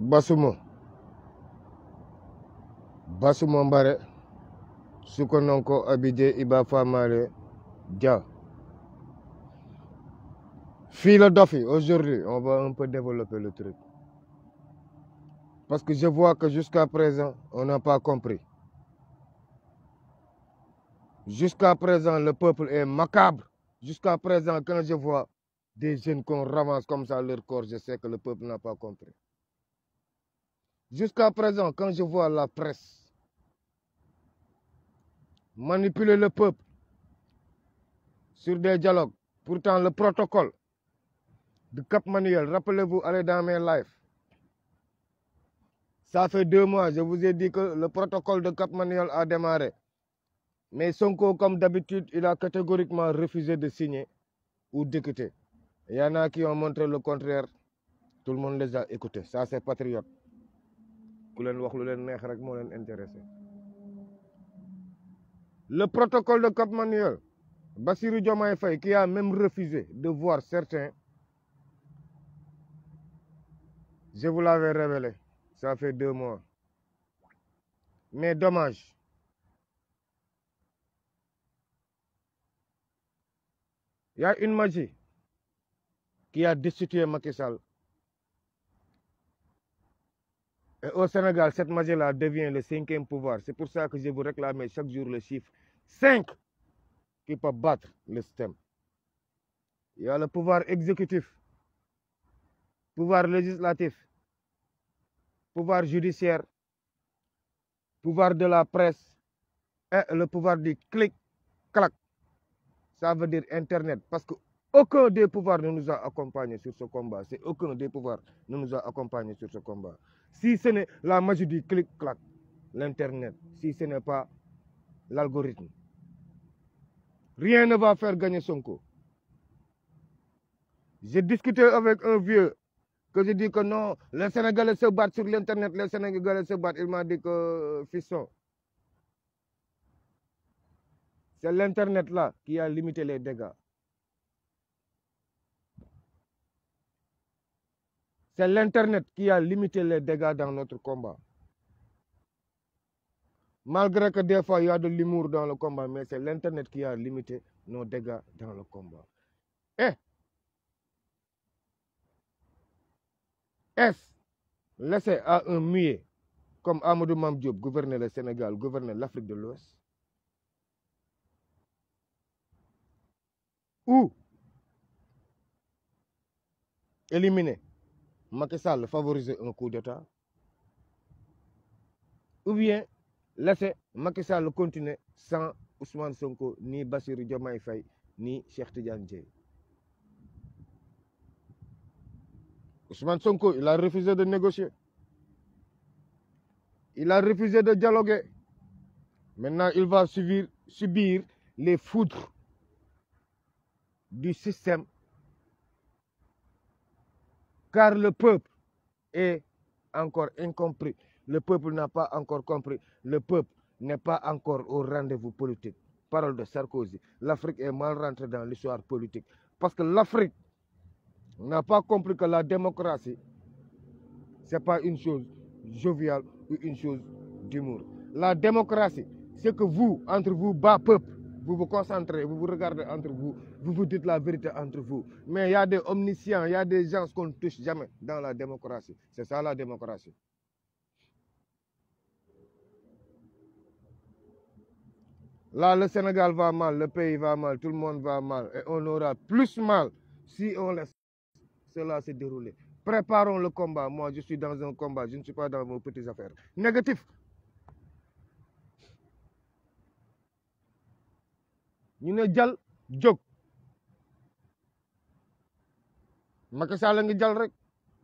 Basuma Basuma Mbare Sukononko Abidé Ibafa Dia. Philadelphie, aujourd'hui, on va un peu développer le truc. Parce que je vois que jusqu'à présent, on n'a pas compris. Jusqu'à présent, le peuple est macabre. Jusqu'à présent, quand je vois des jeunes qu'on ramasse comme ça leur corps, je sais que le peuple n'a pas compris. Jusqu'à présent, quand je vois la presse manipuler le peuple sur des dialogues, pourtant le protocole de Cap Manuel, rappelez-vous, allez dans mes lives. Ça fait deux mois, je vous ai dit que le protocole de Cap Manuel a démarré. Mais Sonko, comme d'habitude, il a catégoriquement refusé de signer ou d'écouter. Il y en a qui ont montré le contraire. Tout le monde les a écoutés. Ça, c'est patriote le protocole de Cap Manuel qui a même refusé de voir certains je vous l'avais révélé ça fait deux mois mais dommage il y a une magie qui a destitué Macky au Sénégal, cette magie-là devient le cinquième pouvoir. C'est pour ça que je vous réclame chaque jour le chiffre 5 qui peut battre le système. Il y a le pouvoir exécutif, pouvoir législatif, pouvoir judiciaire, pouvoir de la presse et le pouvoir du clic-clac. Ça veut dire Internet parce que des pouvoirs ne nous a accompagnés sur ce combat. C'est aucun des pouvoirs ne nous a accompagnés sur ce combat. Si ce n'est la magie du clic-clac, l'Internet, si ce n'est pas l'algorithme, rien ne va faire gagner son coup. J'ai discuté avec un vieux que j'ai dit que non, les Sénégalais se battent sur l'Internet, les Sénégalais se battent. Il m'a dit que, euh, fisson, c'est l'Internet là qui a limité les dégâts. C'est l'Internet qui a limité les dégâts dans notre combat. Malgré que des fois, il y a de l'humour dans le combat, mais c'est l'Internet qui a limité nos dégâts dans le combat. Et eh! Est laissé à un muet comme Amadou Mamdiop gouverner le Sénégal, gouverner l'Afrique de l'Ouest Ou éliminer Macky Sall favoriser un coup d'État ou bien laisser Macky continuer sans Ousmane Sonko ni Bassirou Diomaye Faye ni Cheikh Tidiane Ousmane Sonko il a refusé de négocier il a refusé de dialoguer maintenant il va subir subir les foudres du système car le peuple est encore incompris. Le peuple n'a pas encore compris. Le peuple n'est pas encore au rendez-vous politique. Parole de Sarkozy. L'Afrique est mal rentrée dans l'histoire politique. Parce que l'Afrique n'a pas compris que la démocratie, ce n'est pas une chose joviale ou une chose d'humour. La démocratie, c'est que vous, entre vous, bas peuple, vous vous concentrez, vous vous regardez entre vous, vous vous dites la vérité entre vous. Mais il y a des omniscients, il y a des gens qu'on ne touche jamais dans la démocratie. C'est ça la démocratie. Là, le Sénégal va mal, le pays va mal, tout le monde va mal. Et on aura plus mal si on laisse cela se dérouler. Préparons le combat. Moi, je suis dans un combat. Je ne suis pas dans vos petites affaires. Négatif. ñu ne jal jóg Macky la ngi jal rek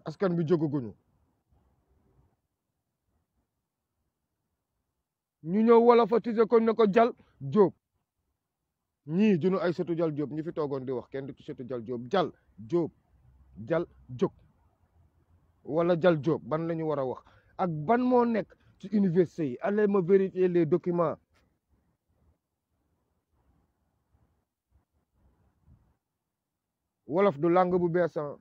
askan bi jógaguñu ñu ñëw wala fa tise ko ne ko jal jóob ñii dunu ay sëtu jal jóob ñi fi toogoon di wax kenn du ci sëtu jal jóob jal jóob jal jóg wala jal jóob ban la ñu war a wax ak ban moo nekk ci université yi allez ma vérifier les documents wolof du langue bu beesan ah.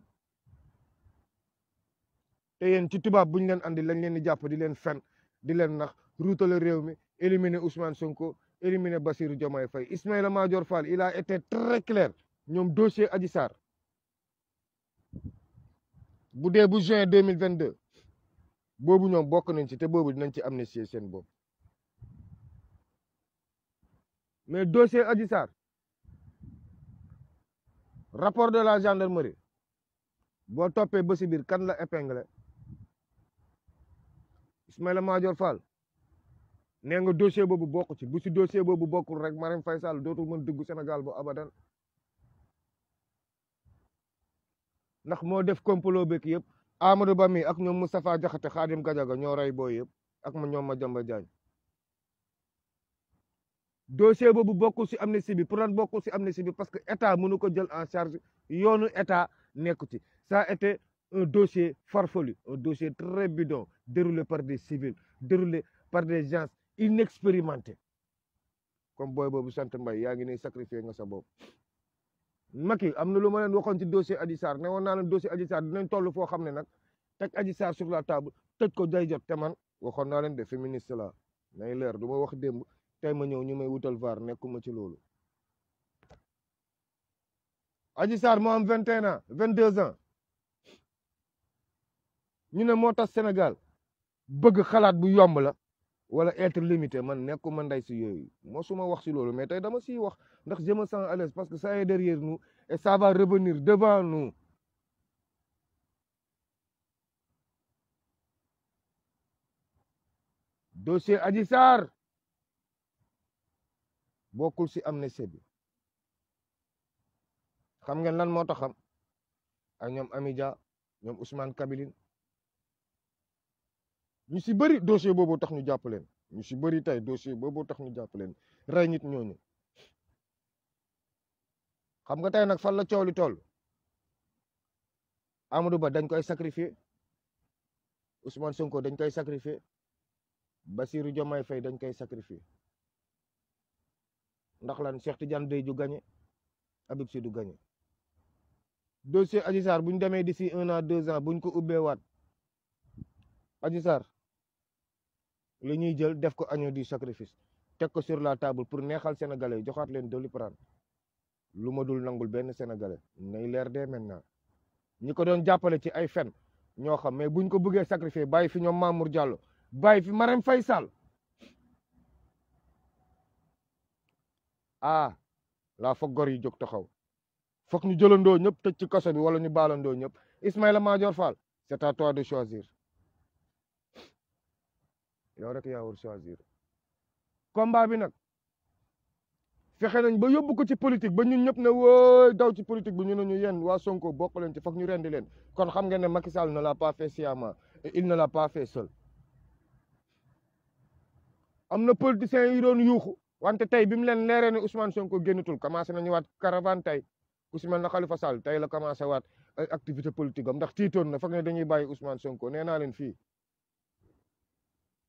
te yéen ci tubaab bu ñu leen andi lañ leen di jàpp di leen fen di leen nax ruutale réew mi éliminer Ousmane Sonko éliminer Bassirou Diomaye Faye Ismaïla Madior Fall il a été très clair ñoom dossier Adji Sarr bu dee bu juin deux mille vingt boobu ñoom bokk nañ ci te boobu dinañ ci amnistie seen bopp mais dossier Adji rapport de la gendarmerie boo toppee ba si biir kan la épinglé Ismaïla Madior Fall nee nga dossier boobu bokk ci bu si dossier boobu bokkul rek Marème fay Sall dootul mën dugg senegal boo abadan ndax moo def complot beek yëpp Amadou Ba mi ak ñoom Moustapha Diakhaté Khadim Gadiaga ñoo rey boo yëpp ak ma ñoom Madiambal Diagne dossier bobu bokku ci amnistie bi pour lan bokkul si amnistie bi parce que état mënu ko jël en charge yoonu état nekku ça était un dossier farfelu un dossier très bidon déroulé par des civils déroulé par des gens inexpérimentés comme boy bobu sant mbay yaa ngi ne sacrifié nga sa bob maki amna luma len ma ci dossier Adji né ne na naa dossier Adji dinañ tollu fo xamné nak tek teg sur la table tej ko day jot te man waxoon na len de féministe la nay leer duma wax demb tey ma ñëw ñu may wutal var nekkuma ci loolu Adji Sarr moo am vingt un ans vingt deux ans ñu ne moo tax Sénégal bëgg xalaat bu yomb la wala être limité man nekkuma ndey si yooyu moo suma wax si loolu mais tey dama si wax ndax je me sens à parce que ça est derrière nous et ça revenir devant nous dossier Adji Sarr bokul ci amnistie bi xam ngeen lan mo taxam ak ñom Amidia ñom Ousmane Kabilin ñu ci bari dossier boobu tax ñu japp leen ñu ci bari tay dossier boobu tax ñu japp leen ray nit ñooñu xam nga tay nak fa la coow li toll Amadou Ba dañ koy sacrifier Ousmane Sonko dañ koy sacrifier basirou jomay fay dañ koy sacrifier ndax lan Cheikh Tidiane Dey ju gagné Habib sidou gagné dossier Adji Sarr bu ñu d'ici 1 an 2 ans buñ ko ubbeewaat Adji Sarr li ñuy jël def ko agneau du sacrifice tek ko sur la table pour neexal sénégalais joxat len leen Doliprane luma dul nangul ben sénégalais ney lèr dé maintenant ñi ko doon jappalé ci ay fenn ño xam mais buñ ko bëggé sacrifier bay fi ñom Mamour Diallo bay fi Marème ah laa foog gor yi jóg taxaw foog ñu jëlandoo ñëpp tëj ci kaso bi wala ñu baalandoo ñëpp Ismaïla Madior Fall c'est à toi de choisir yow rek ya war choisir combat bi nag fexe nañ ba yóbbu ko ci politique ba ñun ñëpp ne wooy daw ci politique bi ñu na ñu yen waa Sonko bokk leen ci foog ñu rendi leen kon xam ngeen ne Macky Sall l'a pas fait sciemment il ne l'a pas fait seul am na politiciens yi doon yuuxu wante tay bim len leen leeree ne Ousmane Sonko génnatul commencé nañu wat caravane tay ousmane Khalifa Sall tay la commencé wat activité politique am ndax titone na fakk ne dañuy baye Ousmane Sonko nee len fi fii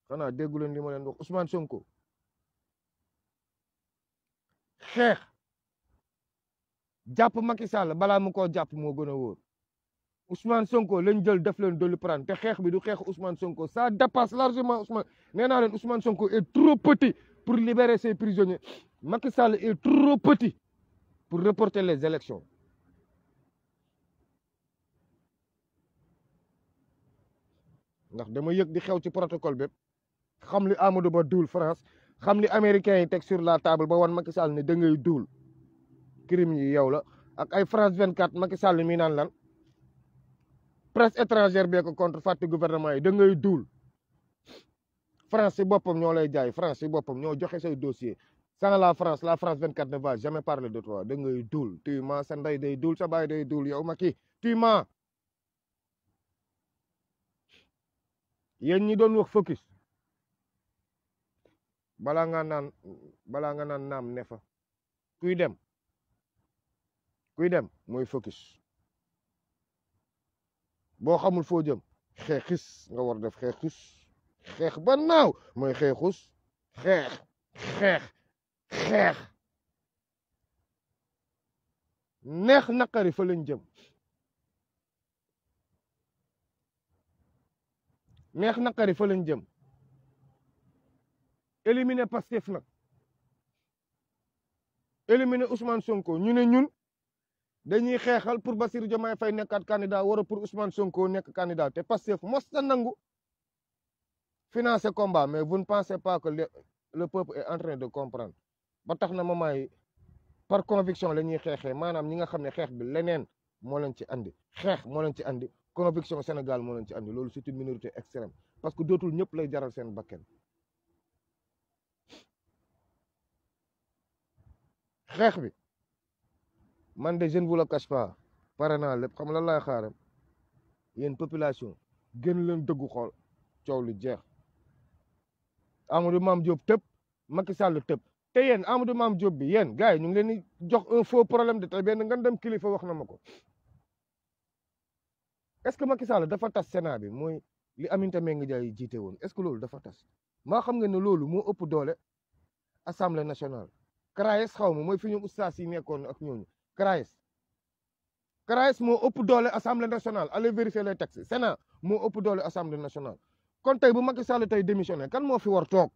xanaa déggu leen li ma wax Ousmane Sonko xeex japp Macky Sall bala mu ko japp mo gëna a Ousmane Sonko lañ jël def leen dolli prendre te xex bi du xex Ousmane Sonko ça dépasse largement Ousmane nee len Ousmane Sonko est trop petit pour libérer ces prisonniers. Macky Sall est trop petit pour reporter les élections. Je dama vous di xew ci protocole bépp xam que Amadou Ba France américains yi sur la table ba wan Macky Sall ne da ngay en crime yi yow la France 24 Macky Sall mi là. presse étrangère bien contre le gouvernement est da ngay France si boppam ñoo lay jaay France si boppam ñoo joxe say dossier sans la France la France 24 ne va jamais parler de toi da ngay duul tu mens sa ndey day duul sa baay day duul yow ma kii tu mens yéen ñi doon wax focus balaa nga naan balaa nga naan naam ne fa kuy dem kuy dem mooy focus boo xamul foo jëm xeexis nga war def xeexis xeex ba naaw mooy xeexus xeex xeex xeex neex naqari fa lañ jëm neex naqari fa lañ jëm éliminer Pastef nag éliminer Ousmane Sonko ñu ne ñun dañuy xeexal pour Bassirou Diomaye Faye nekkaat candidat wara pour Ousmane Sonko nekk candidat te Pastef mos na nangu financer combat mais vous ne pensez pas que le, peuple est en train de comprendre ba tax na moment par conviction les ñuy xeexee maanaam ñi nga xam ne xeex bi leneen moo leen ci andi xeex moo leen ci andi conviction Sénégal moo leen ci andi loolu c'est une minorité extrême parce que dootul ñëpp lay jaral seen bakken xeex bi man de je ne vous le cache pas pare naa lépp xam a laay xaaram yéen population gën leen dëggu xool coow lu Amadou maam Diop tëb Macky Sall tëb te yéen Amadou maam Diop bi yéen gars yi ñu ngi leen di jox un problème de tey benn nga dem kilifa wax na ma ko est-ce que Macky Sall dafa tas Sénat bi mooy li Aminata Mbengue Ndiaye jiite woon est-ce que loolu dafa tas maa xam nga ne loolu moo ëpp doole assemblée national CRAES xaw ma mooy fi ñu ustaas yi nekkoon ak ñooñu CRAES CRAES moo ëpp doole assemblée nationale allez vérifier les textes Sénat moo ëpp doole assemblée national kon tey bu Macky Sall tey démissionné kan moo fi war toog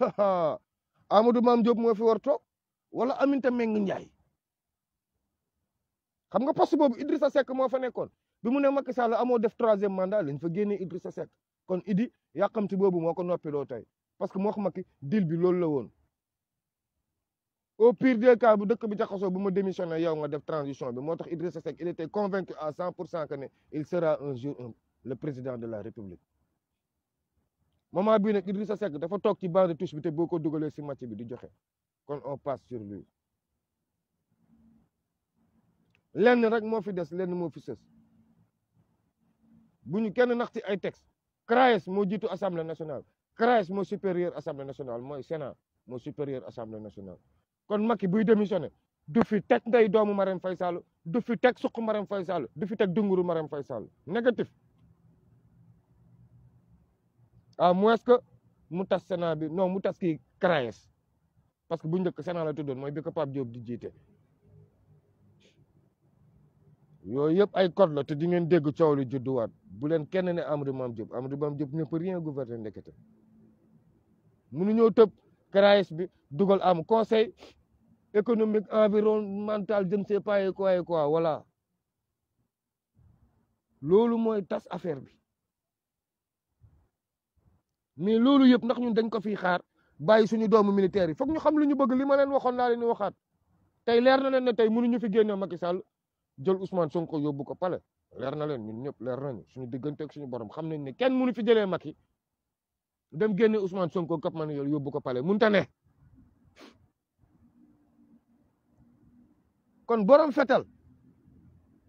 Amadou Mame Diop moo fi war toog wala ta Mbengue Ndiaye xam nga poste boobu Idrissa Seck moo fa nekkoon bi mu ne Macky Sall amoo def troisième mandat lañ fa génnee Idrissa Seck kon Idi ti boobu moo ko noppiloo tey parce que moo xam Macky deal bi loolu la woon au pire des cas bu dëkk bi jaxasoo bu ma démissionné yow nga def transition bi moo tax Idrissa Seck il était convaincu à cent pour cent un jour le président de la République moment bii nag sa Seck dafa toog ci banc de touche bi te boo ko dugalee si match bi di joxe kon on passe sur lui lenn rek moo fi des lenn moo fi sës bu ñu kenn ci ay texte CRAES moo jiitu assemblée nationale CRAES moo supérieur assemblée nationale mooy Sénat moo supérieur assemblée nationale kon Macky buy démissionné du fi teg ndey doomu Marème Faye Sall du fi teg suq Marème Faye Sall du fi teg dunguru Marème Faye Sall négatif à mois que mu tas Sénat bi non mu tas kii CRAES parce que bu njëkk Sénat la tuddoon mooy bi ko Pape Diop di jiite yooyu yëpp ay code la te di ngeen dégg coow li judduwaat bu leen kenn ne Amadou Mame Diop Amadou Mame Diop ne peut ne gouverner mun mënuñoo tëb CRAES bi dugal am conseil économique environnemental je ne sais pas et quoi et loolu mooy tas affaire bi mais loolu yëpp ndax ñun dañ ko fiy xaar bàyyi suñu doomu militaire yi foog ñu xam lu ñu bëgg li ma leen waxoon laa waxaat tey leer na leen ne tey mënuñu fi génne Macky Sall jël Ousmane Sonko yóbbu ko pale leer na leen ñun ñëpp leer nañu suñu diggante ak suñu borom xam nañ ne kenn mënu fi jëlee Macky dem génne usmaan Sonko kap man yoolu yóbbu ko pale munta ne kon borom fetal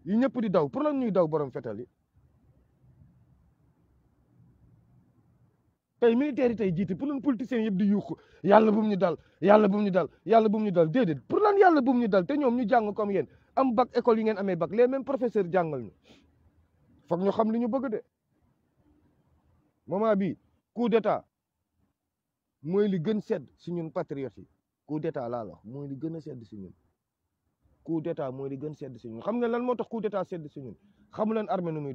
yi ñëpp di daw pour lan ñuy daw borom fetel yi tay militaire yi tey jiite pour lan politiciens yëpp di yuuxu yalla bu ñu dal yalla bu ñu dal yalla bu ñu dal déedéet pour lan yalla bu ñu dal té ñom ñu jang comme yeen am bac école yi ngeen amé bac les mêmes professeurs jangal ñu foog ñu xam li ñu bëgg de moment bi coup d'état moy li gën sedd ci ñun patriote yi coup d'état la la moy li gën a ci ñun coup d'état moy li gën sedd ci ñun xam nga lan mo tax coup d'état sedd ci ñun xamu lan armée nu muy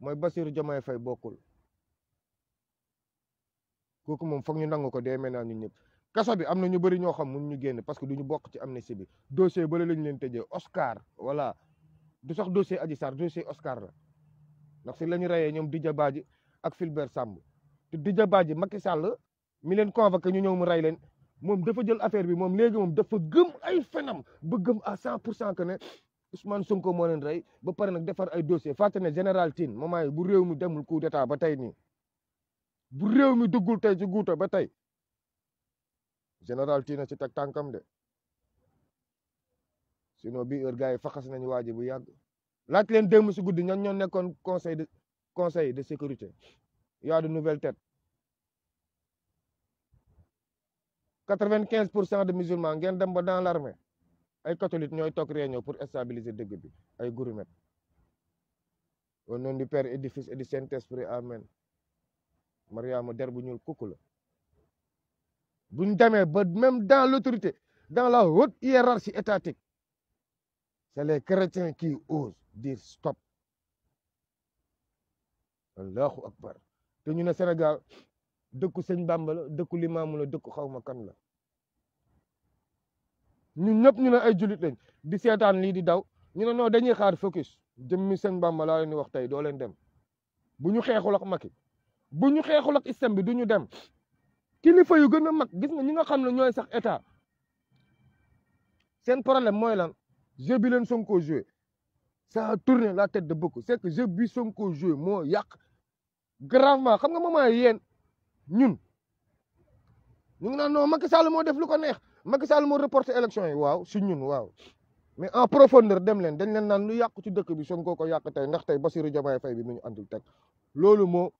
mooy Bassirou Diomaye fay bokkul kooku moom foog ñu nangu ko dee mel ñu ñun ñëpp kaso bi am na ñu bëri ñoo xam mun ñu génn parce que du ñu bokk ci amnistie bi dossier bële lañ leen tëjee Oscar voilà du sax dossier Adji Sarr dossier Oscar la ndax si la ñu reyee ñoom Dija Badji ak Fulbert Samb te Dija Badji Macky Sall mi leen convoqué ñu ñëw mu rey leen moom dafa jël affaire bi moom léegi moom dafa gëm ay fenam ba gëm à cent pour cent que Ousmane Sonko mo len ray ba paré nak défar ay dossier fàtte ne général Tine moment yi bu réew mi demul coup d'état ba tay ni bu réew mi dugul tay ci guuta ba tay général Tine ci tak tankam dé sino bi heure gaay yi faxas nañu waji bu yag laaj len dem ci goudi ñan ñoo nekkoon conseil de conseil de sécurité ya de nouvelle tête 95% de musulmans ngeen dem ba dans l'armée ay catholique ñoy tok réunion pour stabiliser dëgg bi ay gurumèt au nom du Père et du Fils et du Saint-Esprit amen mariamu der bu ñuul la buñ démé ba même dans l'autorité dans la haute hiérarchie étatique c'est les chrétiens qui osent dire stop allahu akbar té ñu né Sénégal dëkku sëñ Bamba la dëkku limaamu la dëkku xawma kan la ñun ñëpp ñu ne ay julit lañ di seetaan lii di daw ñu ne non dañuy xaar focus jëmmi sëñ Bamba laa leen di wax tey doo dem bu ñu xeexul ak Macky bu ñu xeexul ak système bi du ñu dem kilifa yu gën a mag gis nga ñi nga xam ne ñooy sax état seen problème mooy lan jeu bi leen Sonko joué ça a la tête de beaucoup c'est que jeu bi Sonko joué moo yàq gravement xam nga moment yéen ñun ñu ngi noo maki Macky moo def lu ko neex. Macky Sall moo reporté élection yi waaw si ñun waaw mais en profondeur dem leen dañ leen naan lu yàqu ci dëkk bi Sonko ko yàq tey ndax tey Bassirou Diomaye Faye bi mu ñu àndul teg loolu moo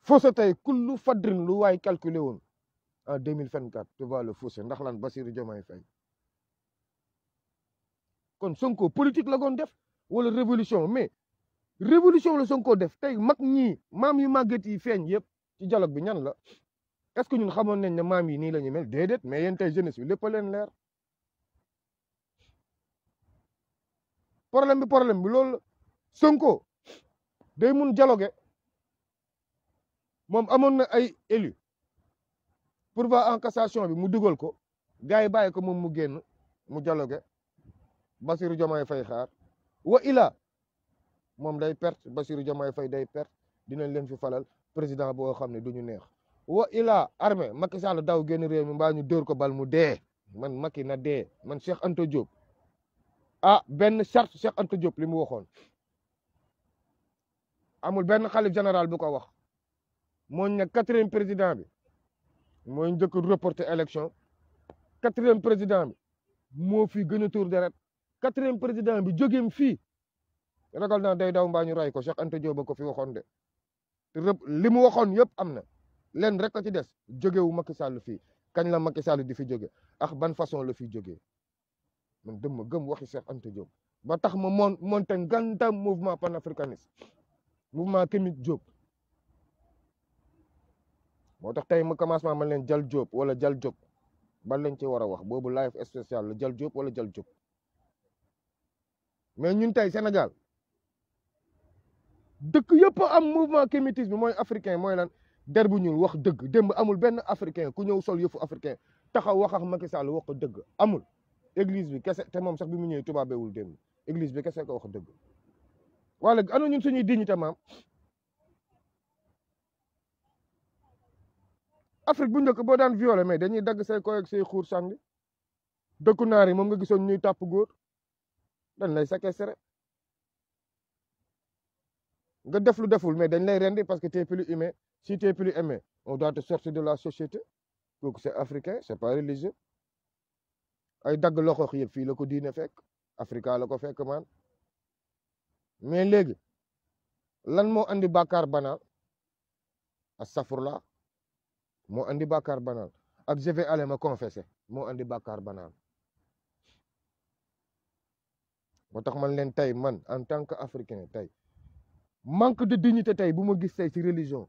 faussé tey kullu fadrin lu waay calculé woon en deux mille vingt quatre tu vois le faussé ndax lan Bassirou Diomaye Faye kon Sonko politique la goon def wala révolution mais révolution la Sonko def tey mag ñii maam yu màgget yi feeñ yëpp ci dialogue bi ñan la est-ce que ñun xamoon nañ ne maam yi nii la ñu mel déedéet mais yéen tey jeunesse bi lépp a leen leer problème bi problème bi lool Sonko day mun jaloge moom amoon na ay élu pourvoi en cassation bi mu dugal ko gars yi bàyyi ko moom mu génn mu dialoguer Bassirou Diomaye Faye xaar wa ila moom day perte Bassirou Diomaye fay day perte dinañ leen fi falal président boo xam ne du ñu neex wa ilaa armée Macky Sall daw génn réew mi mbaa ñu dóor ko bal mu dee man Macky na dee man shekh Anta Diop ah benn charte Cheikh Anta Diop li mu waxoon amul benn xalif général bu ko wax mooñ ne quatrième président bi mooy njëkk reporter élection quatrième président bi moo fi gën a tuur deret quatrième président bi jógeem fii ragal naa day daw mbaa ñu ray ko Cheikh Anta Diop ba ko fi waxoon de te li mu waxoon yëpp am na leen rek a ci des jógewu Macky Sall fii kañ la Macky Sall di fi jóge ak ban façon la fi jógee dem dëmma gëm waxi Cheikh Anta Diop ba tax ma moon monte nganta mouvement panafricaniste mouvement Kémit Diop moo tax tey ma commencement man leen Jal Diop wala Jal Diop ban lañ ci war a wax boobu live spécial la Jal Diop wala Jal Diop mais ñun tey Sénégal dëkk yëpp am mouvement kémitisme bi mooy africain mooy lan der bu ñuul wax dëgg démb amul benn africain ku ñëw sol yëfu africain taxaw wax ak Macky Sall wax ko dëgg amul église bi kese te moom sax bi mu ñëwee tubaabeewul démb église bi kese ko wax dëgg wala ana ñun suñuy dignité maam Afrique bu njëkk boo daan violé mais dañuy dagg say koy ak say xuur sànni dëkku naar moom nga gisoon ñuy tàpp góor dañ lay séquestré nga def deful mais dañ lay rendi parce que t'es plus humain Si tu es plus aimé, on doit te sortir de la société. Donc c'est africain, c'est pas religieux. ay dag loxo yëpp fii la ko diine fekk Afrika la ko fekk man mais léegi lan mo andi bakar banal astaghfirullah mo andi bakar banal ak je vais aller me confesser mo andi bakar banal moo tax man len tay man en tant qu'Africain, tay manque de dignité tay buma ma gis tey ci religion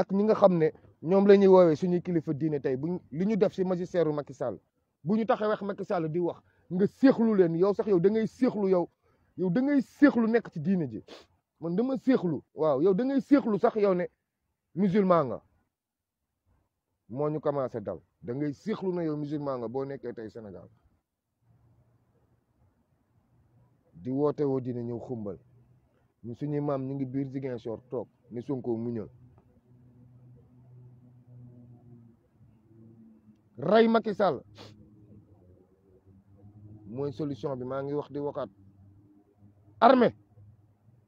ak ñi nga xam ne ñoom la ñuy woowee suñuy kilifa diine tey buñ li ñu def si magistèru Macky Sall bu ñu taxee wax Macky di wax nga séexlu leen yow sax yow da ngay séexlu yow yow da ngay séexlu nekk ci diine ji man dama séexlu waaw yow da ngay seexlu sax yow ne musulman nga moo ñu commencé dal da ngay séexlu na yow musulman nga boo nekkee tey senegal di woote woo dina ñëw xumbal ñu suñu maam ñu ngi biir Ziguinchor toog ni Sonko muñal ray Macky Sall moy solution bi ma ngi wax di waxaat armée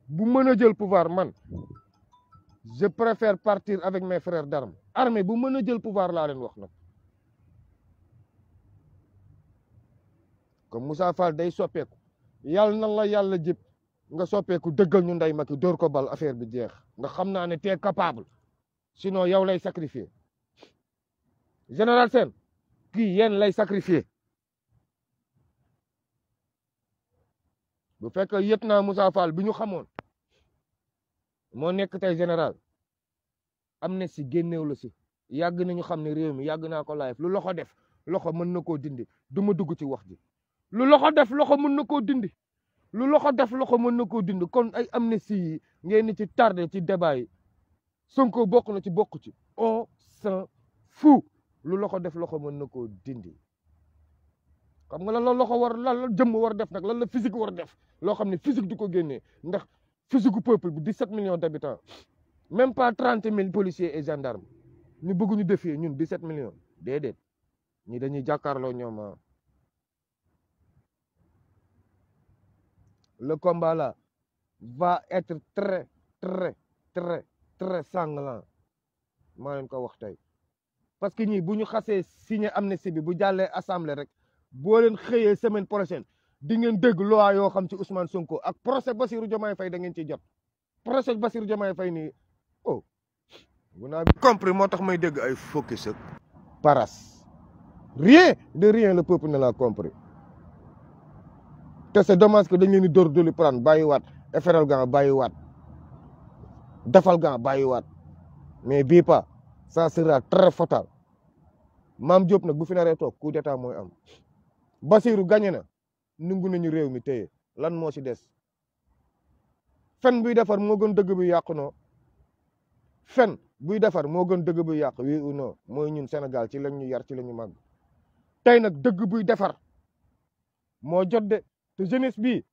bu meuna jël pouvoir man je préfère partir avec mes frères d'armes armée bu meuna jël pouvoir la len wax nak comme Moussa Fall day soppeeku yàlla na la yàlla jëpp nga soppeeku deugal ñu nday Macky dóor ko bal affaire bi jeex nga xamna naa ne capable sinon yow lay sacrifier général Sen kii yéen lay sacrifier bu fekkee yët naa Moussa Fall bi ñu xamoon moo nekk tey général am na si génnew la si yàgg nañu xam ne réew mi yàgg naa ko live lu loxo def loxo mën na koo dindi du ma dugg ci wax ji lu loxo def loxo mën na koo dindi lu loxo def loxo mën na koo dindi kon ay amnistie yi ngeen ni ci tardé ci débat yi Sonko bokk na ci bokk ci on s'en lu loxo def loxo mën na koo dindi xam nga lan la loxo war lan la jëmm war def nag lan la physique war def loo xam ne physique du ko génnee ndax physique gu peuple bu 17 millions d' habitants même pas 30 000 policiers et gendarmes ñu bëgg ñu défier ñun 17 millions déedéet ñi dañuy jàkkaarloo ñoom ah. le combat là va être très très très très sanglant maa leen ko wax tey. parce que ñi buñu ñu signé amnesty bi bu jàllee assemblée rek bo leen xeyé semaine prochaine di ngeen dégg loi yo xam ci Ousmane Sonko ak procès Bassirou Diomaye Faye da ngeen ci jot procès Bassirou Diomaye Faye ni oh. bu bi compris motax may dégg ay focus ak paras rien de rien le peuple ne l'a compris te c'est dommage que dañ leen di dóor doli prendre bàyyiwaat eferal gan bàyyiwaat defal gan wat mais bi pas ça sera très fatal maam Diop nag bu fi naree toog coup d'état mooy am basiru gagné na nungu nañu réew mi téye lan moo ci des fen buy defar moo gën dëgg bu yàqu noo fen buy defar moo gën dëgg buy yàq oui ou mooy ñun senegal ci lañ ñu yar ci la ñu màgg tey nag dëgg buy defar moo jot de te jeunesse bi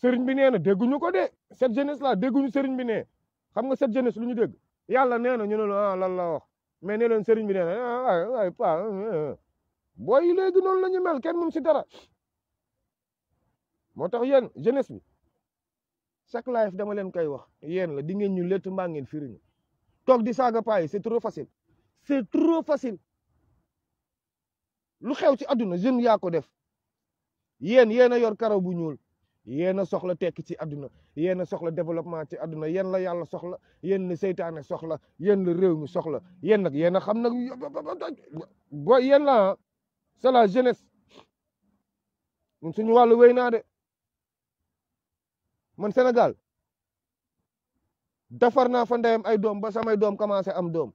sëriñ bi nee na dégguñu ko de cette jeunesse là dégguñu sëriñ bi nee xam nga cette jeunesse lu ñu dégg yàlla nee na ñu ne la ah, lan la mais ne leen sëriñ bi nee na ah, ah, ah, waay waay pa booy noonu la ñu kenn mun si dara moo tax yéen jeunesse bi chaque life dama leen koy wax yéen la di ngeen ñu létt mbaa ngeen firiñu toog di saaga paa yi c'est trop facile c'est trop lu xew ci àdduna jeune yaa ko def yéen yéen a yor karaw bu ñuul yéen a soxla tekki ci àdduna yéen a soxla développement ci àdduna yéen la yàlla soxla yéen la seytaane soxla yéen la réew mi soxla yéen nag yéen xam na boo yéen la c'est la jeunesse ñun suñu wàllu wéy naa de man senegal defar naa fa ndeyam ay doom ba samay doom commencé am doom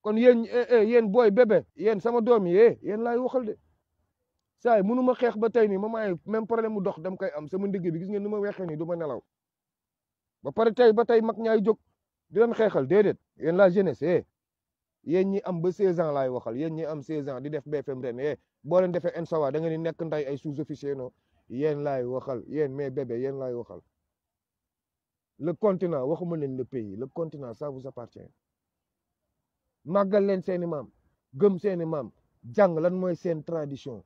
kon yéen eh, eh, booy bébé yéen sama doom yi eh, yéen laay waxal de saa yi ma xeex ba tey nii moment yi même problème mu dox dam koy am sama ndigg bi gis ngeen ni ma weexee nii du ma nelaw ba pare tey ba tey mag ñaay jóg di leen xeexal déedéet yéen la jeunesse eh yéen ñi am ba 16 ans laay waxal yéen ñi am saison di def BFM ren eh boo leen defee ENSAWA da nga ni nekk nday ay sous-officier non yéen laay waxal yéen mais bébé yéen laay waxal le continent waxuma leen le pays le continent ça vous appartient màggal leen seeni maam gëm seeni maam jàng lan mooy seen tradition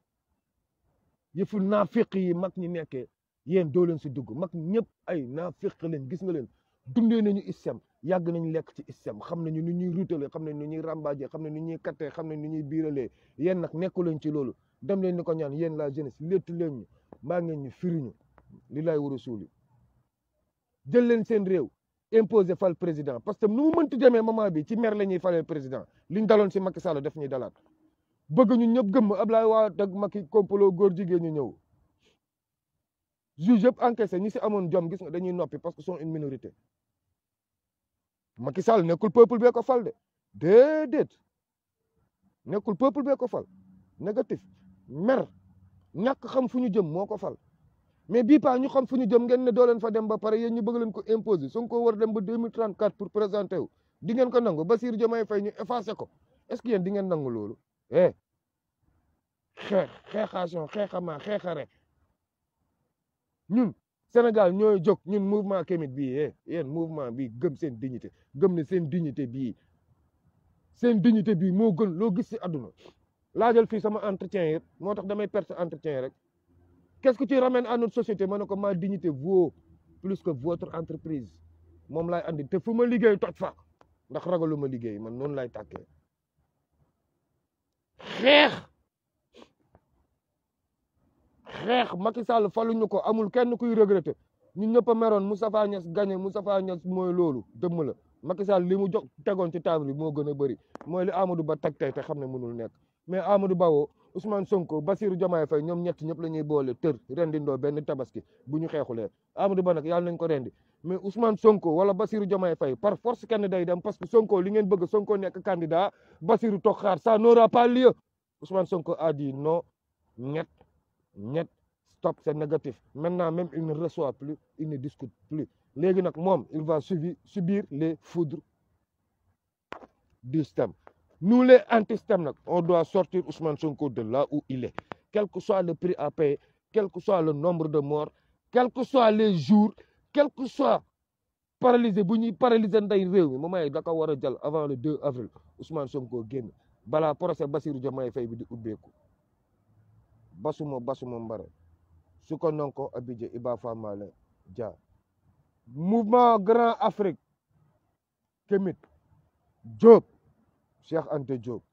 yëfu naafiq yi mag ñi nekkee yéen doo leen si dugg mag ñëpp ay naafiq leen gis nga leen dundee nañu islam yàgg nañ lekk ci islam xam nañu nu ñuy ruutalee xam nañ nu ñuy ràmbaajee xam ne nu ñuy kattee xam nañ nu ñu biiralee yéen nag nekku leen ci loolu dem leen ni ko ñaan yéen la jeunesse léttu leen ñu maa ngeen ñu firiñu li laay war a suuli jël leen seen réew imposé fal président parce que nu mu mënti demee moment bi ci mer la ñuy falee président liñ daloon si Macky Sall ñuy dalaat bëgg ñun ñëpp gëm Ablaye Wade ak Macky complot góor jigeen ñu ñëw juge yëpp encaissé ñi ci amone jom gis nga dañuy noppi parce que sont une minorité Macky Sall nekul peuple bi ko fal de nekul peuple bi ko fal négatif mer ñak xam fu ñu jëm moko fal mais bi pa ñu xam fu ñu jëm ngeen ne do leen fa dem ba paré yeen ñu bëgg leen ko imposer ko war dem ba 2034 pour présenter wu di ngeen ko nangu Bassirou Diomaye Faye ñu effacer ko est-ce que yeen di ngeen nangu lolu eh xeex xeexation xeexamaa xeexare ñun Sénégal nous, mouvement qui est eh le mouvement est gëm dignité gëm ne dignité C'est dignité c'est mo gën entretien Je entretien qu'est-ce que tu ramènes à notre société Je ma dignité vaut plus que votre entreprise andi te fu je liggéey fa ndax ragalu liggéey man xeex xeex Macky Sall faluñu ko amul kenn kuy regretter ñun ñëpp a meroon Moustapha Niass gagné Moustapha Niass mooy loolu dëmm la Macky Sall li mu jox tegoon ci table bi moo gën a bëri mooy li Amadou Ba teg tey te xam ne mënul nekk mais Amadou Ba woo Ousmane Sonko Bassirou Diomaye Faye ñoom ñett ñëpp la ñuy boole tër rendindoo benn tabaski bu ñu xeexulee Amadou Ba nag yàlla nañ ko rendi mais Ousmane Sonko wala Basirou Diomaye Faye par force candidat day dem parce que Sonko li ngeen bëgg Sonko nek candidat Basirou, Tokhar ça n'aura pas lieu Ousmane Sonko a dit non net, net, stop c'est négatif maintenant même il ne reçoit plus il ne discute plus légui nak il va subir les foudres du STEM. nous les anti stem on doit sortir Ousmane Sonko de là où il est quel que soit le prix à payer quel que soit le nombre de morts quel que soit les jours quelque soit paralysé bu ñuy paralysé nday réew mi moment yi da ko war a jël avant le 2 avril Ousmane Sonko génn balaa procès Bassirou Diomaye Faye bi di ubbeeku basuma basuma mbare su ko non ko Abidjan Iba Famale mouvement Grand Afrique Kemit Diop Cheikh Anta Diop